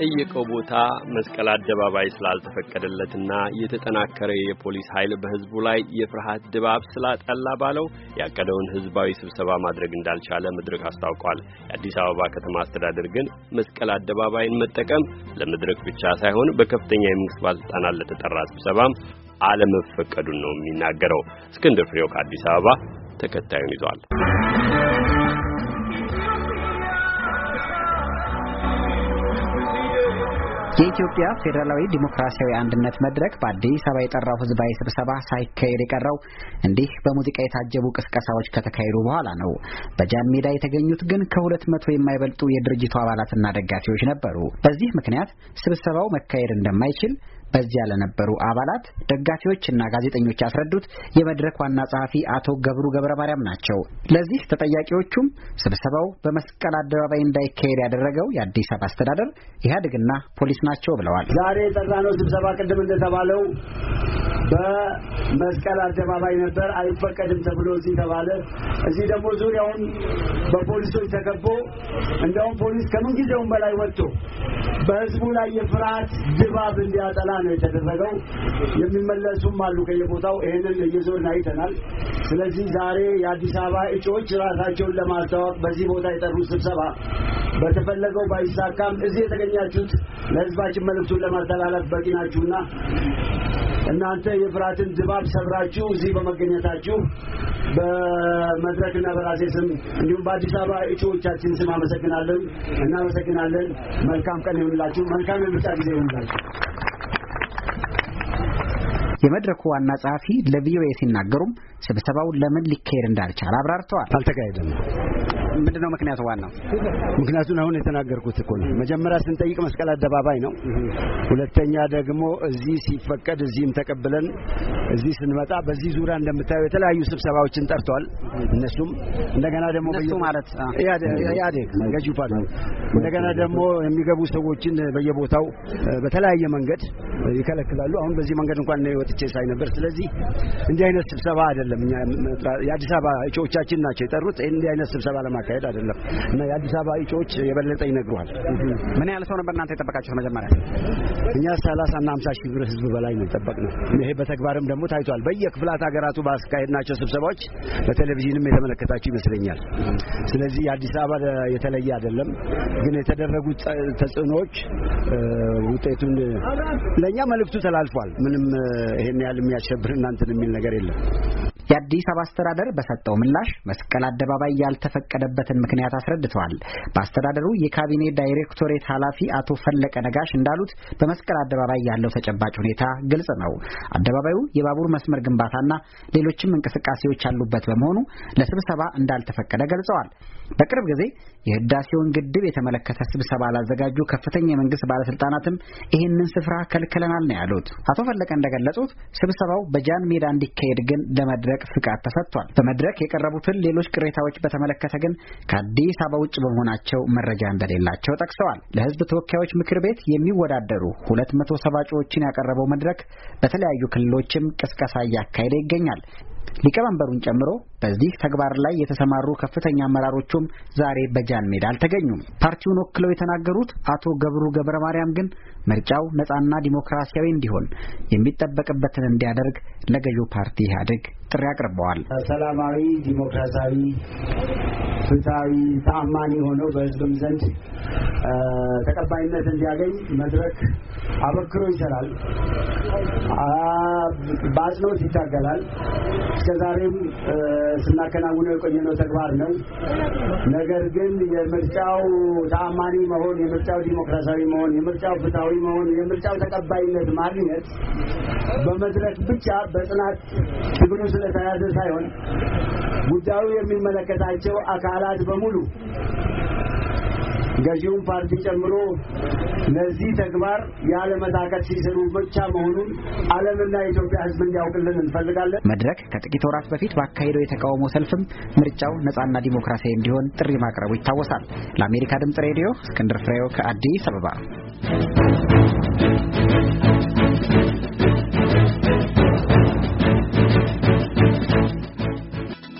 በጠየቀው ቦታ መስቀል አደባባይ ስላልተፈቀደለትና የተጠናከረ የፖሊስ ኃይል በሕዝቡ ላይ የፍርሃት ድባብ ስላጠላ ባለው ያቀደውን ሕዝባዊ ስብሰባ ማድረግ እንዳልቻለ መድረክ አስታውቋል። የአዲስ አበባ ከተማ አስተዳደር ግን መስቀል አደባባይን መጠቀም ለመድረክ ብቻ ሳይሆን በከፍተኛ የመንግስት ባለስልጣናት ለተጠራ ስብሰባም አለመፈቀዱን ነው የሚናገረው። እስክንድር ፍሬው ከአዲስ አበባ ተከታዩን ይዟል። የኢትዮጵያ ፌዴራላዊ ዲሞክራሲያዊ አንድነት መድረክ በአዲስ አበባ የጠራው ህዝባዊ ስብሰባ ሳይካሄድ የቀረው እንዲህ በሙዚቃ የታጀቡ ቅስቀሳዎች ከተካሄዱ በኋላ ነው። በጃን ሜዳ የተገኙት ግን ከሁለት መቶ የማይበልጡ የድርጅቱ አባላትና ደጋፊዎች ነበሩ። በዚህ ምክንያት ስብሰባው መካሄድ እንደማይችል በዚያ ለነበሩ አባላት ደጋፊዎችና ጋዜጠኞች ያስረዱት የመድረክ ዋና ጸሐፊ አቶ ገብሩ ገብረ ማርያም ናቸው። ለዚህ ተጠያቂዎቹም ስብሰባው በመስቀል አደባባይ እንዳይካሄድ ያደረገው የአዲስ አበባ አስተዳደር ኢህአዴግና ፖሊስ ናቸው ብለዋል። ዛሬ የጠራነው ስብሰባ ቅድም እንደተባለው በመስቀል አደባባይ ነበር። አይፈቀድም ተብሎ እዚህ ተባለ። እዚህ ደግሞ ዙሪያውን በፖሊሶች ተከቦ እንደውም ፖሊስ ከምን ጊዜውን በላይ ወጥቶ በህዝቡ ላይ የፍርሃት ድባብ እንዲያጠላ ነው የተደረገው። የሚመለሱም አሉ ከየቦታው ይህንን እየዞርን አይተናል። ስለዚህ ዛሬ የአዲስ አበባ እጩዎች ራሳቸውን ለማስተዋወቅ በዚህ ቦታ የጠሩት ስብሰባ በተፈለገው ባይሳካም እዚህ የተገኛችሁት ለህዝባችን መልእክቱን ለማስተላለፍ በቂ ናችሁና እናንተ የፍርሃትን ድባብ ሰብራችሁ እዚህ በመገኘታችሁ በመድረክና በራሴ ስም እንዲሁም በአዲስ አበባ እጩዎቻችን ስም አመሰግናለን እናመሰግናለን። መልካም ቀን ይሁንላችሁ። መልካም የምርጫ ጊዜ ይሁንላችሁ። የመድረኩ ዋና ጸሐፊ ለቪኦኤ ሲናገሩም ስብሰባው ለምን ሊካሄድ እንዳልቻል አብራርተዋል። አልተካሄደም። ምንድን ነው ምክንያቱ? ዋናው ምክንያቱን አሁን የተናገርኩት እኮ ነው። መጀመሪያ ስንጠይቅ መስቀል አደባባይ ነው። ሁለተኛ ደግሞ እዚህ ሲፈቀድ እዚህም ተቀብለን እዚህ ስንመጣ በዚህ ዙሪያ እንደምታየው የተለያዩ ስብሰባዎችን ጠርተዋል። እነሱም እንደገና ደግሞ ማለት ኢህአዴግ ገዢው ፓርቲ እንደገና ደግሞ የሚገቡ ሰዎችን በየቦታው በተለያየ መንገድ ይከለክላሉ። አሁን በዚህ መንገድ እንኳን ነው ወጥቼ ሳይ ነበር። ስለዚህ እንዲህ አይነት ስብሰባ አይደለም። የአዲስ አበባ እጩዎቻችን ናቸው የጠሩት እንዲህ አይነት ስብሰባ ለማካሄድ የሚካሄድ አይደለም እና የአዲስ አበባ እጩዎች የበለጠ ይነግሯል። ምን ያህል ሰው ነበር እናንተ የጠበቃችሁት? መጀመሪያ እኛ ሰላሳ እና ሀምሳ ሺህ ብር ህዝብ በላይ ነው የጠበቅነው። ይሄ በተግባርም ደግሞ ታይቷል። በየክፍላት ሀገራቱ ባስካሄድናቸው ስብሰባዎች በቴሌቪዥንም የተመለከታችሁ ይመስለኛል። ስለዚህ የአዲስ አበባ የተለየ አይደለም። ግን የተደረጉት ተጽዕኖዎች ውጤቱን ለእኛ መልእክቱ ተላልፏል። ምንም ይሄን ያህል የሚያሸብር እናንትን የሚል ነገር የለም። የአዲስ አበባ አስተዳደር በሰጠው ምላሽ መስቀል አደባባይ ያልተፈቀደበትን ምክንያት አስረድተዋል። በአስተዳደሩ የካቢኔ ዳይሬክቶሬት ኃላፊ አቶ ፈለቀ ነጋሽ እንዳሉት በመስቀል አደባባይ ያለው ተጨባጭ ሁኔታ ግልጽ ነው። አደባባዩ የባቡር መስመር ግንባታና ሌሎችም እንቅስቃሴዎች ያሉበት በመሆኑ ለስብሰባ እንዳልተፈቀደ ገልጸዋል። በቅርብ ጊዜ የህዳሴውን ግድብ የተመለከተ ስብሰባ ላዘጋጁ ከፍተኛ የመንግስት ባለስልጣናትም ይህንን ስፍራ ከልክለናል ነው ያሉት። አቶ ፈለቀ እንደገለጹት ስብሰባው በጃን ሜዳ እንዲካሄድ ግን ለመድረክ ፍቃድ ተሰጥቷል። በመድረክ የቀረቡትን ሌሎች ቅሬታዎች በተመለከተ ግን ከአዲስ አበባ ውጭ በመሆናቸው መረጃ እንደሌላቸው ጠቅሰዋል። ለህዝብ ተወካዮች ምክር ቤት የሚወዳደሩ ሁለት መቶ ሰባ እጩዎችን ያቀረበው መድረክ በተለያዩ ክልሎችም ቅስቀሳ እያካሄደ ይገኛል። ሊቀመንበሩን ጨምሮ በዚህ ተግባር ላይ የተሰማሩ ከፍተኛ አመራሮቹም ዛሬ በጃን ሜዳ አልተገኙም። ፓርቲውን ወክለው የተናገሩት አቶ ገብሩ ገብረ ማርያም ግን ምርጫው ነጻና ዲሞክራሲያዊ እንዲሆን የሚጠበቅበትን እንዲያደርግ ለገዢው ፓርቲ ኢህአዴግ ጥሪ አቅርበዋል። ሰላማዊ ዲሞክራሲያዊ ፍትሐዊ፣ ተአማኒ ሆነው በህዝብም ዘንድ ተቀባይነት እንዲያገኝ መድረክ አበክሮ ይሰራል፣ በአጽንኦት ይታገላል። እስከዛሬም ስናከናውነው የቆየነው ተግባር ነው። ነገር ግን የምርጫው ተአማኒ መሆን፣ የምርጫው ዲሞክራሲያዊ መሆን፣ የምርጫው ፍትሐዊ መሆን፣ የምርጫው ተቀባይነት ማግኘት በመድረክ ብቻ በጽናት ትግሉ ስለተያዘ ሳይሆን ጉዳዩ የሚመለከታቸው አካላት በሙሉ ገዢውን ፓርቲ ጨምሮ ለዚህ ተግባር ያለመታከት ሲሰሩ ብቻ መሆኑን ዓለምና የኢትዮጵያ ሕዝብ እንዲያውቅልን እንፈልጋለን። መድረክ ከጥቂት ወራት በፊት ባካሄደው የተቃውሞ ሰልፍም ምርጫው ነጻና ዲሞክራሲያዊ እንዲሆን ጥሪ ማቅረቡ ይታወሳል። ለአሜሪካ ድምጽ ሬዲዮ እስክንድር ፍሬው ከአዲስ አበባ